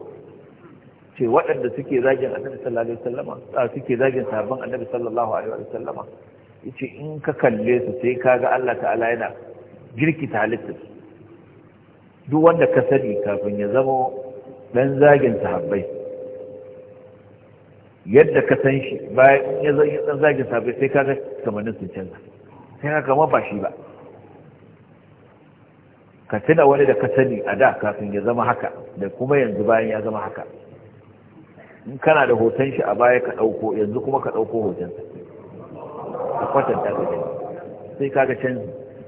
ce waɗanda suke zagin annabi sallallahu alaihi wasallama suke zagin sahabban annabi sallallahu alaihi wasallama yace in ka kalle su sai ka ga Allah ta'ala yana ta halitta duk wanda ka sani kafin ya zama dan zagin sahabbai yadda ka san shi bayan ya zai dan zagin sahabbai sai ga kamannin sun canza sai ka kama ba shi ba ka tuna wani da ka sani a da kafin ya zama haka da kuma yanzu bayan ya zama haka in kana da hoton shi a baya ka ɗauko yanzu kuma ka ɗauko hotonsa ka kwatanta ka gani sai kaga canji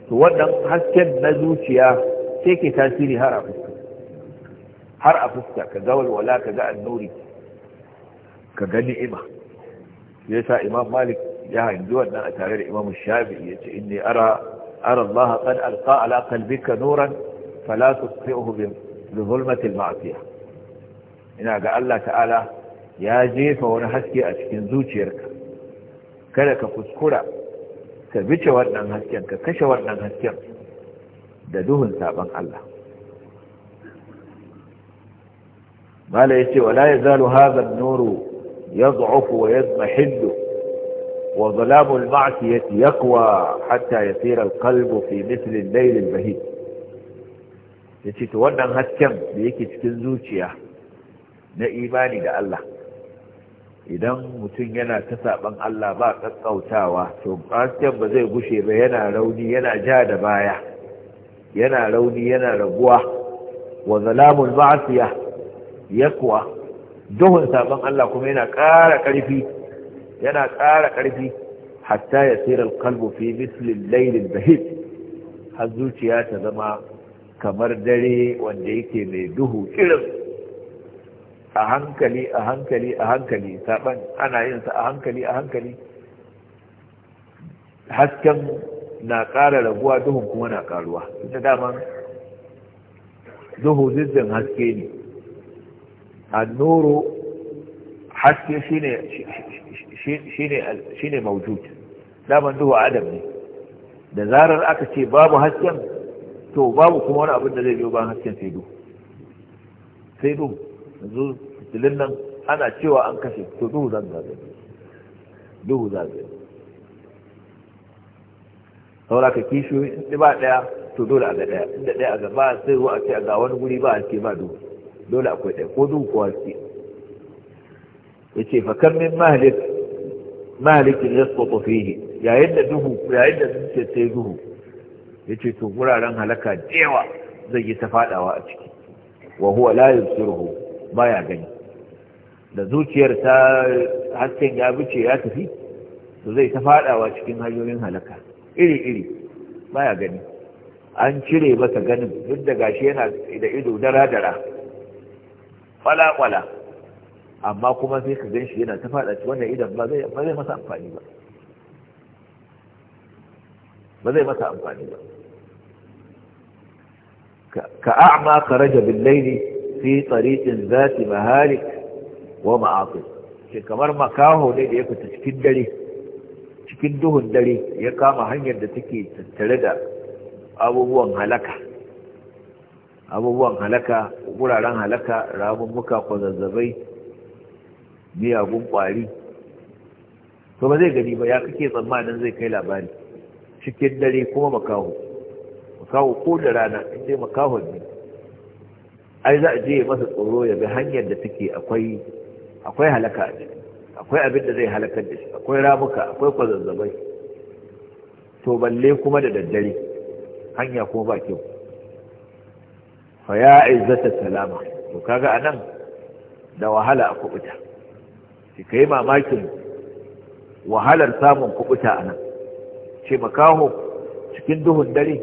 to wannan hasken na zuciya sai ke tasiri har a fuska har a fuska ka ga walwala ka ga annuri ka ga ni'ima yasa imam malik ya hangi wannan a tare da imam shafi'i ce inni ara ara allah qad alqa ala qalbika nuran fala tusfi'uhu bi zulmati al-ma'siyah ina ga Allah ta'ala ya jefa wani haske a cikin zuciyarka kada ka kuskura ka bice wannan hasken ka kashe wannan hasken da duhun saban Allah mala yace wala yazalu hadha an-nuru yad'ufu wa yadmahillu wa dhalamu al-ma'siyati yaqwa hatta yasira al-qalbu fi mithli al-layl al-bahid yace to wannan hasken da yake cikin zuciya na imani da Allah idan mutum yana ta saɓan Allah ba ƙasƙautawa to ƙasken ba zai gushe ba yana rauni yana ja da baya yana rauni yana raguwa wa zalamul ma'asiya kuwa? duhun saɓan Allah kuma yana ƙara ƙarfi yana ƙara ƙarfi hatta yasira kalbu fi mislin lailin da hit bahid har zuciya ta zama kamar dare wanda yake mai duhu irin. a hankali a hankali a hankali saban ana yin sa a hankali a hankali hasken na ƙara raguwa duhun kuma na ƙaruwa ita daman duhu zizzin haske ne annuru haske shi ne maujud daman duhu adam ne da zarar aka ce babu hasken to babu kuma wani abin da zai biyo ban hasken sai duhu sai duhu yanzu fitilin nan ana cewa an kashe to duhu za ga duhu za ga saura ka kishu in ba daya to dole a ga daya inda daya a ga ba sai ruwa ce a ga wani guri ba a ce ba duhu dole akwai ɗaya ko duhu ko ce ya fa fakar min mahalikin ya tsoto fihi yayin da duhu yayin da zuciya sai duhu ya ce to guraren halaka da yawa zai yi ta fadawa a ciki wa huwa la yusiruhu baya gani da zuciyar hasken ya bice ya tafi su zai ta fadawa cikin hanyoyin halaka iri-iri baya gani an cire masa ganin duk da gashi yana da ido dara-dara kwala-kwala amma kuma sai ka gan shi yana ta fada ci wannan idan ba zai masa amfani ba ba zai masa amfani ba ka a'ma ka raja bin laili fi tsariƙin zati mahalik wa ma'aƙi ke kamar makaho ne da ya fita cikin dare cikin duhun dare ya kama hanyar da take tattare da abubuwan halaka abubuwan halaka wuraren halaka ramummuka kwazazzabai miyagun ƙwari to ba zai gani ba ya kake tsammanin zai kai labari cikin dare kuma makaho makaho ko da rana inda makaho ne ai za a je masa tsoro ya bi hanyar da take akwai akwai halaka a akwai abin da zai halakar da shi akwai ramuka akwai kwazazzabai to balle kuma da daddare hanya kuma ba kyau fa ya izzata salama to kaga anan da wahala a kubuta ki kai mamakin wahalar samun kubuta anan ce makaho cikin duhun dare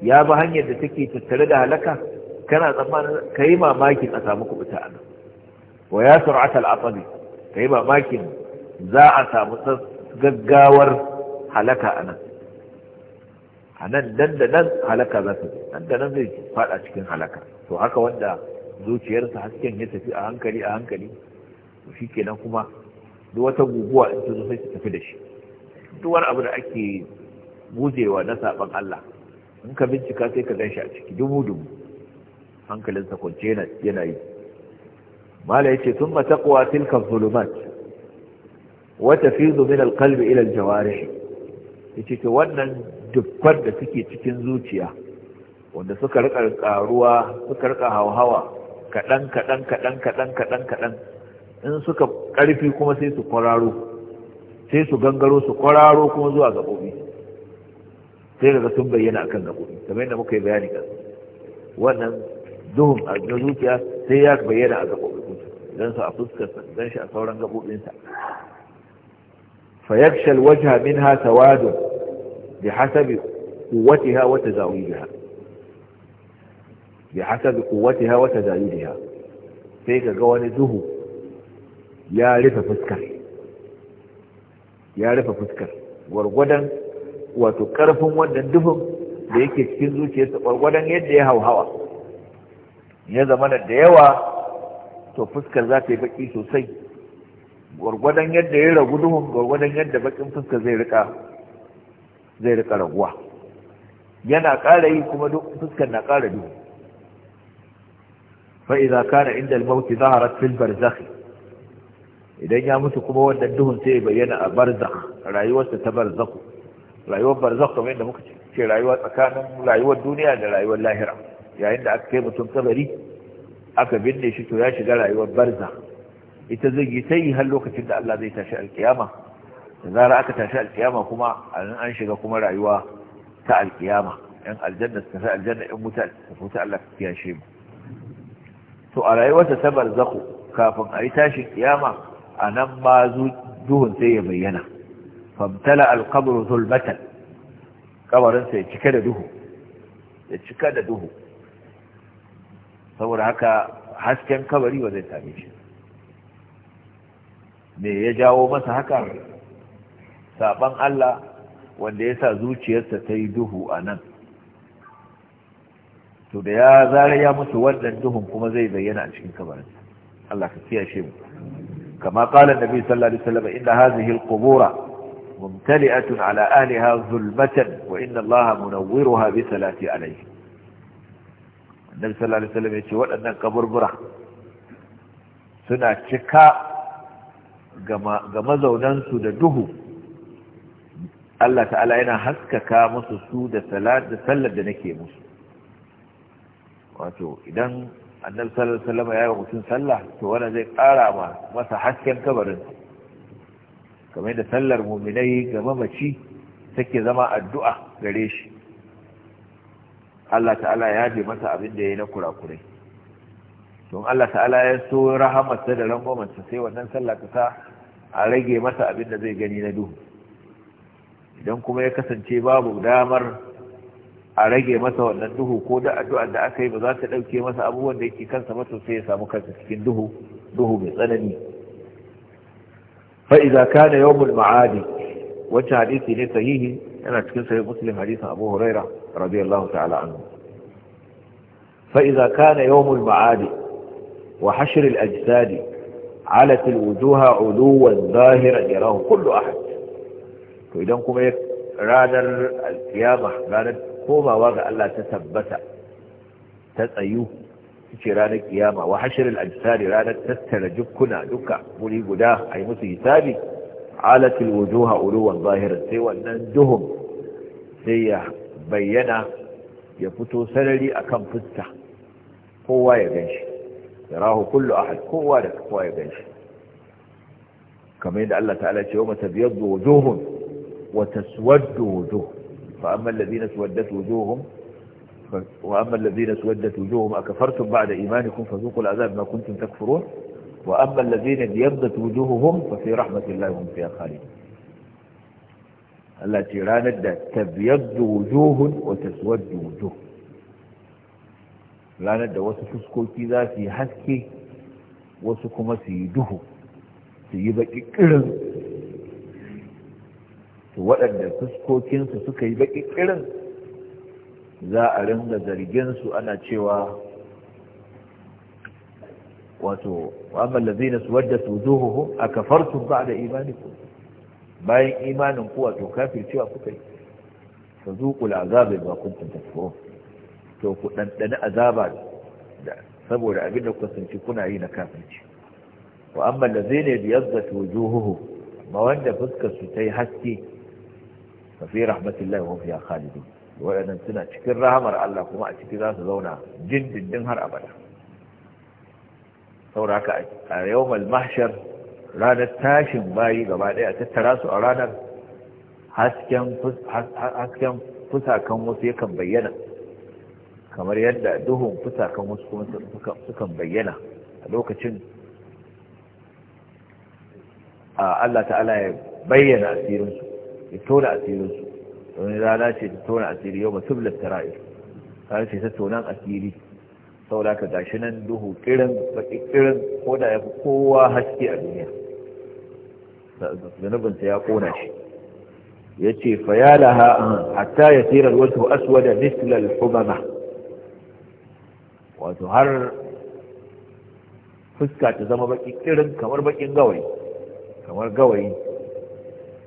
ya bi hanyar da take tattare da halaka kana tsammanin ka yi mamakin a samu kubuta a nan wa ya sur'ata al'asabi ka yi mamakin za a samu gaggawar halaka a nan a nan nan da nan halaka za ta nan da nan zai fada cikin halaka to haka wanda zuciyarsa hasken ya tafi a hankali a hankali to shi kenan kuma duk wata guguwa in ta sai su tafi da shi duk wani abu da ake gujewa na saban Allah in ka bincika sai ka gan shi a ciki dubu-dubu. hankalinsa kwance yana yi mala yace thumma taqwa tilka adh-dhulumat wa tafidu min al-qalbi ila al ce ce to wannan dukkan da suke cikin zuciya wanda suka rika karuwa suka rika hauhawa, kaɗan, kaɗan, kaɗan, kaɗan, kaɗan, kaɗan, in suka karfi kuma sai su kwararo sai su gangaro su kwararo kuma zuwa gaɓoɓi, sai daga sun bayyana akan gaɓoɓi, kamar yadda muka yi bayani kan wannan duhun a zuciya sai ya bayyana a gaɓoɓinsa don su a fuskarsa don shi a sauran gaɓoɓinsa فيغشى الوجه منها bi بحسب قوتها وتزاويدها بحسب قوتها وتزاويدها sai ka ga wani duhu ya rufe fuskar ya rufe fuskar gwargwadon wato ƙarfin wannan duhun da yake cikin zuciyarsa gwargwadon yadda ya hauhawa ya zama da yawa to fuskar za ta yi baki sosai gwargwadon yadda ya ragu duhun gwargwadon yadda bakin fuskar zai rika zai rika raguwa yana ƙara yi kuma fuskar na ƙara duhu fa'iza kana inda almauti zaharar fil barzakh idan ya mutu kuma wannan duhun sai bayyana a barzakh rayuwarsa ta barzakh rayuwar barzakh kamar yadda muka ce rayuwar tsakanin rayuwar duniya da rayuwar lahira yayin da aka kai mutum kabari aka binne shi to ya shiga rayuwar barza ita zai yi ta yi har lokacin da Allah zai tashi alkiyama da zara aka tashi alkiyama kuma an shiga kuma rayuwa ta alkiyama yan aljanna su tafi aljanna yan mutu su wuta Allah su kiyashe mu to a rayuwarsa ta barzaku kafin a yi tashin kiyama a nan ma duhun sai ya bayyana famtala alqabru zulmatan kabarin sai da duhu ya cika da duhu saboda haka hasken kabari ba zai same shi me ya jawo masa haka saban Allah wanda ya sa zuciyarsa ta yi duhu a nan to da ya zare ya mutu wannan duhun kuma zai bayyana a cikin kabarin Allah ka kiyashe mu kama qala nabi sallallahu alaihi wasallam inna hadhihi alqubura mumtali'atun ala ahliha zulmatan wa inna Allah munawwiruha bi salati alayhi annabi sallallahu alaihi ya ce waɗannan kaburbura suna cika ga mazaunansu da duhu Allah ta'ala yana haskaka musu su da sallar da nake musu wato idan annabi sallallahu alaihi ya yi mutum sallah to wannan zai ƙara masa hasken kabarin kamar da sallar muminai ga mamaci take zama addu'a gare shi Allah ta'ala ya yafe masa abin da ya yi na kurakurai don Allah ta'ala ya so rahamarsa da rangwamarsa sai wannan sallah ta sa a rage masa abin da zai gani na duhu idan kuma ya kasance babu damar a rage masa wannan duhu ko da addu'ar da aka yi ba za ta ɗauke masa abubuwan da yake kansa masa sai ya samu kansa cikin duhu duhu mai tsanani fa'iza iza kana yawon ma'adi wacce hadisi ne sahihi yana cikin sahih muslim hadisin abu huraira رضي الله تعالى عنه فإذا كان يوم المعاد وحشر الأجساد علت الوجوه علوا ظاهرا يراه كل أحد فإذا كما رانا القيامة رانا كما وضع الله تثبت تتأيوه في رانا القيامة وحشر الأجساد رانا تسترجب كنا دكا ملي قداه أي مسيسابي علت الوجوه علوا ظاهرا سيوى ننجهم سيح bayyana ya fito sarari akan fuska kowa ya ganshi yarahu kullu ahad kowa da kowa ya ganshi kamar yadda Allah ta'ala ce wa tabyaddu wujuhum wa taswaddu wujuh fa amma alladhina tawaddat wujuhum wa amma alladhina tawaddat wujuhum akafartum ba'da imanikum fadhuqu al'adab ma kuntum takfurun wa amma alladhina yabdat wujuhuhum fa fi rahmatillahi hum fiha khalidun Allah ce ranar da tabyaddu wujuhun wa taswaddu wujuh ranar da wasu fuskoki za su yi haske wasu kuma su yi duhu su yi baki kirin to waɗanda fuskokinsu suka yi baki kirin za a ringa zargin su ana cewa wato wa amma a suwaddat wujuhuhum akafartum da imanikum bayan imanin ku wato cewa kuka yi fa zuqul azaba kun tafi takfurun to ku ɗanɗani azaba da saboda abin da kuka sanci kuna yi na zai ne amma allazina biyazzatu huhu. ma wanda fuskar su yi haske fa fi rahmatillahi wa fi khalidu waɗannan suna cikin rahamar Allah kuma a ciki za su zauna jin dindin har abada sauraka a yau mahshar ranar tashin bayi gaba ɗaya a tattara su a ranar hasken fusakan wasu yakan bayyana kamar yadda duhun fusakan wasu kuma sukan bayyana a lokacin Allah ta'ala ya bayyana asirinsu ya tona asirinsu wani rana ce ta tona asiri yau ba tublar tara'i ta ce ta tonan asiri sau da ka gashi nan duhu kirin baki kirin ko da ya fi kowa haske a duniya zunubinsa ya kona shi ya ce fayalaha hatta ya tsirar wasu aswada mislal hubama wato har fuska ta zama baki kirin kamar bakin gawayi kamar gawayi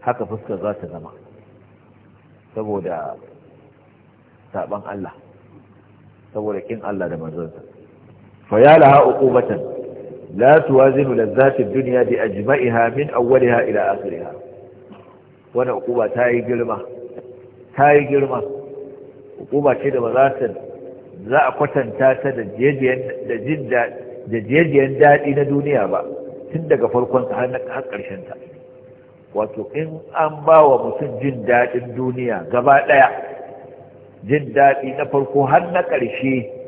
haka fuska za ta zama saboda saban Allah saboda kin Allah da manzonsa fayalaha batan. la tuwazinu lazzati duniya bi a min awwaliha ila akhiriha wannan hukuma ta yi girma ta yi girma hukuma ce da ba za ta za a kwatanta ta da jejiyar daɗi na duniya ba tun daga farkon ta wato in an ba wa mutum jin daɗin duniya gaba ɗaya jin daɗi na farko har na ƙarshe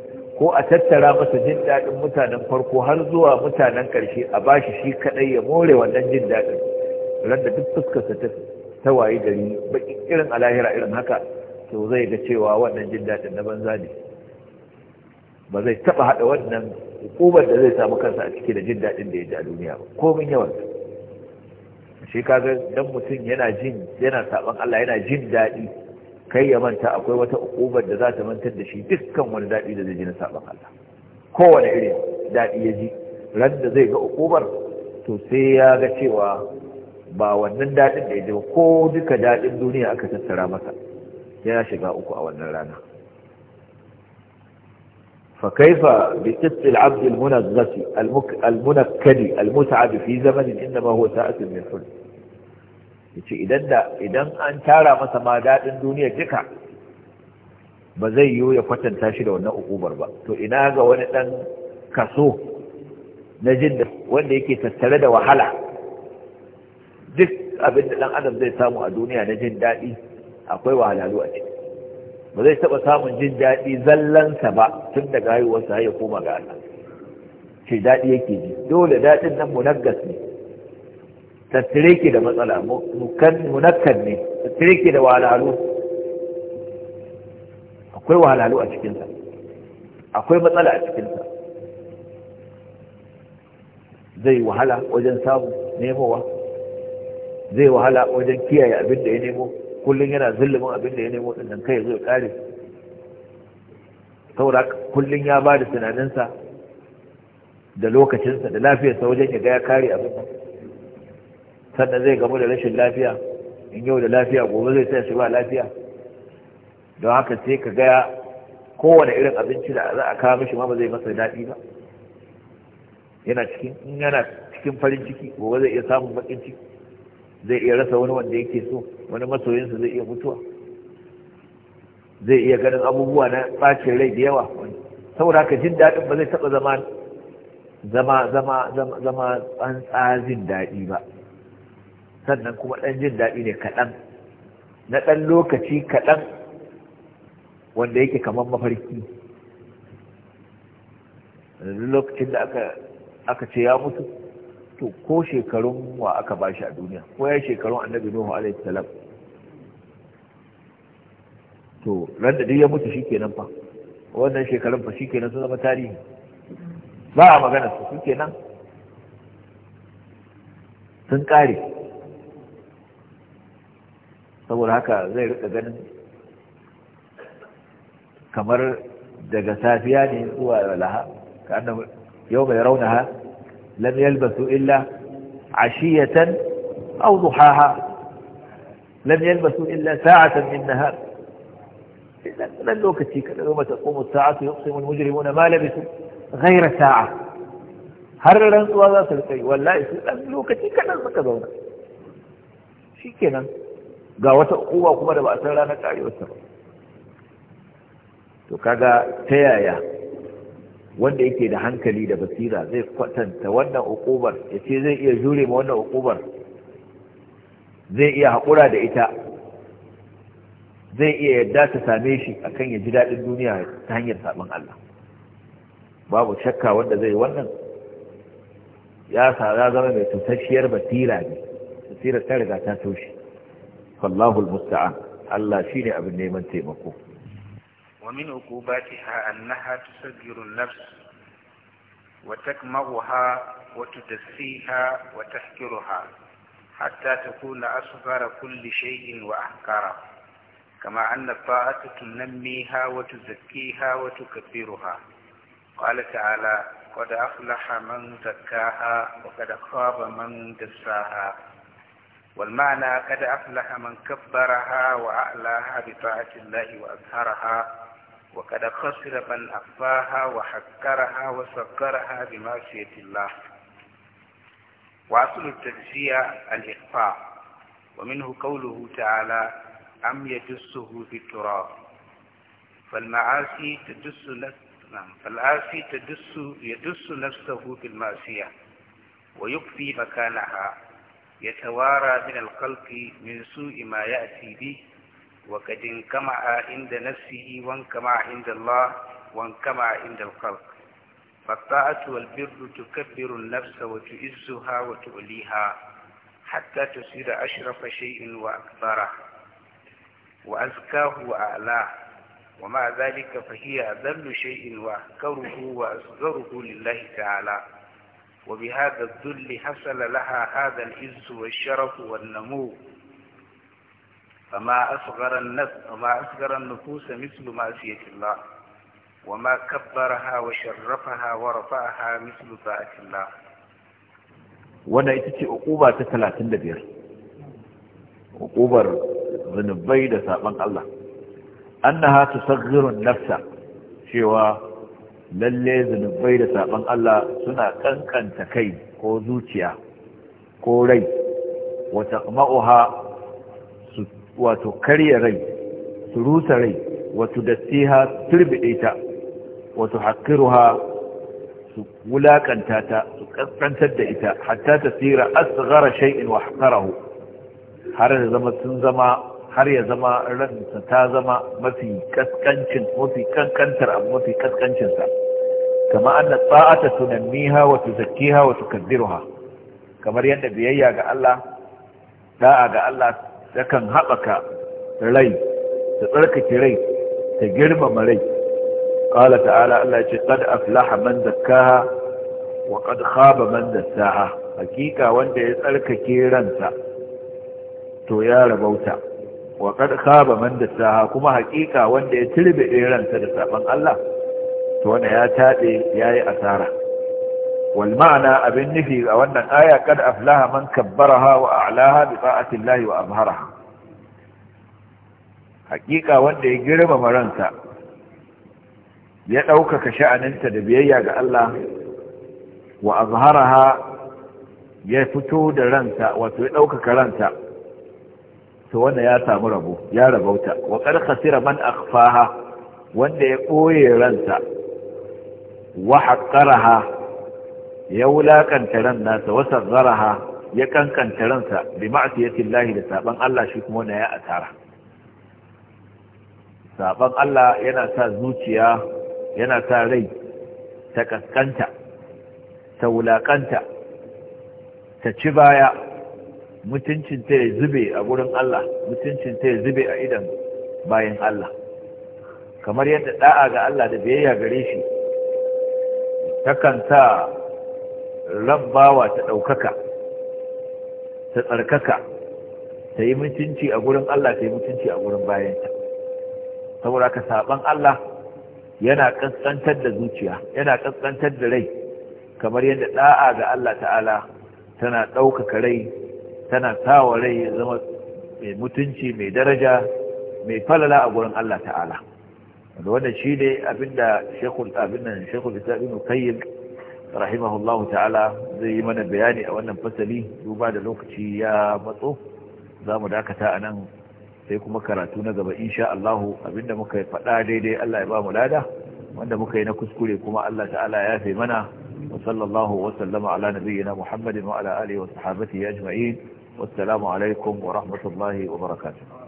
ko a tattara masa jin daɗin mutanen farko har zuwa mutanen ƙarshe a bashi shi kaɗai ya more wannan jin daɗin randa duk fuskarsa ta ta waye gari baƙi irin alahira irin haka to zai ga cewa wannan jin daɗin na banza ne ba zai taɓa haɗa wannan hukumar da zai samu kansa a ciki da jin daɗin da ya ji a duniya ba komin yawan shi kaga dan mutum yana jin yana saban Allah yana jin daɗi kai ya manta akwai wata ukubar da za ta mantar da shi dukkan wani daɗi da zai ji na sabon Allah kowane iri daɗi ya ji ran da zai ga ukubar to sai ya ga cewa ba wannan daɗin da ya ji ko duka daɗin duniya aka tattara masa ya shiga uku a wannan rana fa kaifa bi al-abd فكيف بقسط العبد المنغس المنكد المتعب في زمن إنما huwa ساعة min حلم yace idan da idan an tara masa ma dadin duniya duka ba zai yiwu ya kwatanta shi da wannan ukubar ba to ina ga wani dan kaso na jin wanda yake tattare da wahala duk abin da dan adam zai samu a duniya na jin dadi akwai wahalalu a ciki ba zai taba samun jin dadi zallansa ba tun daga haihuwarsa har ya koma ga Allah shi dadi yake ji dole dadin nan munaggas ne tattare ke da matsala munakkan ne tattare ke da wahalhalu akwai wahalhalu a cikinsa akwai matsala a cikinsa zai wahala wajen samu nemowa zai wahala wajen kiyaye abin da ya nemo kullum yana zullumin abin da ya nemo ɗin kai zai ƙare saboda kullum ya ba da tunaninsa da lokacinsa da lafiyarsa wajen ya ga ya kare abin nan sannan zai gamu da rashin lafiya in yau da lafiya gobe zai sai shi ba lafiya don haka sai ka gaya kowane irin abinci da za a kawo mishi ma ba zai masa daɗi ba yana cikin in yana cikin farin ciki gobe zai iya samun bakin ciki zai iya rasa wani wanda yake so wani masoyinsa zai iya mutuwa zai iya ganin abubuwa na ɓacin rai da yawa saboda haka jin daɗin ba zai taɓa zama zama zama zama zama tsazin daɗi ba sannan kuma ɗan jin daɗi ne kaɗan na ɗan lokaci kaɗan wanda yake kamar mafarki lokacin da aka ce ya mutu to ko shekarun wa aka ba shi a duniya ko ya shekarun annabi nuhu alaihi salam to ran da duk ya mutu kenan fa wannan shekarun fa shi kenan sun zama tarihi ba a magana su kenan sun kare saboda haka zai rika ganin kamar daga safiya ne zuwa laha ka kannan yau mai ha lam yalbasu illa ashiyatan aw duhaha lam yalbasu illa sa'atan min nahar idan nan lokaci kada yau mata qumu sa'atu yuqsimu al-mujrimuna ma labisu ghayra sa'a har rantsuwa za su kai wallahi wallahi dan lokaci kada suka zauna shikenan ga wata uwa kuma da ba a san ranar karewarsa ba to kaga ta yaya wanda yake da hankali da basira zai kwatanta wannan ukubar ya ce zai iya jure ma wannan ukubar zai iya haƙura da ita zai iya yadda ta same shi akan ya ji daɗin duniya ta hanyar saɓin Allah babu shakka wanda zai wannan ya sa zama mai tutashiyar basira ne basira ta riga ta toshe فالله المستعان الله شيل ابن نيمان تيمكو
ومن عقوباتها انها تسجر النفس وتكمغها وتدسيها وتحكرها حتى تكون اصغر كل شيء واحكارا كما ان الطاعه تنميها وتزكيها وتكبرها قال تعالى قد افلح من زكاها وقد خاب من دساها والمعنى قد أفلح من كبرها وأعلاها بطاعة الله وأظهرها وقد خسر من أخفاها وحكرها وسكرها بمعصية الله وأصل التجزية الإخفاء ومنه قوله تعالى أم يدسه في التراب فالمعاصي تدس نعم، فالعاصي تدس يدس نفسه في المعصية ويخفي مكانها يتوارى من الخلق من سوء ما يأتي به وقد انكمع عند نفسه وانكمع عند الله وانكمع عند الخلق فالطاعة والبر تكبر النفس وتعزها وتؤليها حتى تصير أشرف شيء وأكبره وأزكاه وأعلاه ومع ذلك فهي أذل شيء وأحكره وأصغره لله تعالى وبهذا الذل حصل لها هذا العز والشرف والنمو فما أصغر النفس وما أصغر النفوس مثل معصية الله وما كبرها وشرفها ورفعها مثل طاعة الله
وانا اتتي عقوبة uquba ta عقوبة uqubar zunubai الله أنها تصغر النفس شوى lalle zunubai da saban Allah suna ƙanƙanta kai ko zuciya ko rai wata ma'uha wato karya rai su rusa rai wato dattiha turbide ta wato hakiruha su wulakanta ta su kaskantar da ita hatta ta tsira asghara shay'in wa hakarahu har zama sun zama har ya zama ransa ta zama mafi kaskancin mafi kankantar abu mafi kaskancinsa kama anna ta'ata tunammiha wa tuzakkiha wa tukaddiruha kamar yadda biyayya ga Allah da'a ga Allah takan haɓaka rai ta tsarkake rai ta girmama rai qala ta'ala Allah ce qad aflaha man zakkaha wa qad khaba man dassaha hakika wanda ya tsarkake ransa to ya rabauta wa qad khaba man dassaha kuma hakika wanda ya tirbe ransa da saban Allah to wanda ya taɗe ya yi asara wal ma'ana abin nufi a wannan aya kad aflaha man kabbaraha wa a'laha bi ta'atillahi wa abharaha hakika wanda ya girmama ransa ya ɗaukaka sha'aninta da biyayya ga Allah wa azharaha ya fito da ransa, wato ya ɗaukaka ransa. to wanda ya samu rabo ya rabauta wa qad khasira man akhfaha wanda ya ɓoye ransa. wa ya wulakanta ran nasa wasan sarraha ya kankanta ransa bi ma'siyati Allah da saban Allah shi kuma na ya asara saban Allah yana sa zuciya yana sa rai ta kaskanta ta wulakanta ta ci baya mutuncinta ya zube a gurin Allah mutuncinta ya zube a idan bayan Allah kamar yadda da'a ga Allah da biyayya gare shi takan sa rabbawa ta ɗaukaka ta tsarkaka ta yi mutunci a gurin Allah ta yi mutunci a gurin bayanta saboda ka saban Allah yana kaskantar da zuciya yana kaskantar da rai kamar yadda ɗa'a ga Allah ta'ala tana ɗaukaka rai tana sawa rai ya zama mai mutunci mai daraja mai falala a gurin Allah ta'ala da wannan shi ne abinda shekul abinnan shekul isabin kayyar rahimahullahu ta'ala zai yi mana bayani a wannan fasali duba da lokaci ya matso za mu dakata a nan sai kuma karatu na gaba insha Allahu abinda muka yi faɗa daidai Allah ya ba mu lada wanda muka yi na kuskure kuma Allah ta'ala ya fi mana wa sallallahu wa sallama ala nabiyyina Muhammadin wa ala alihi wa sahbihi ajma'in wassalamu alaikum wa rahmatullahi wa barakatuh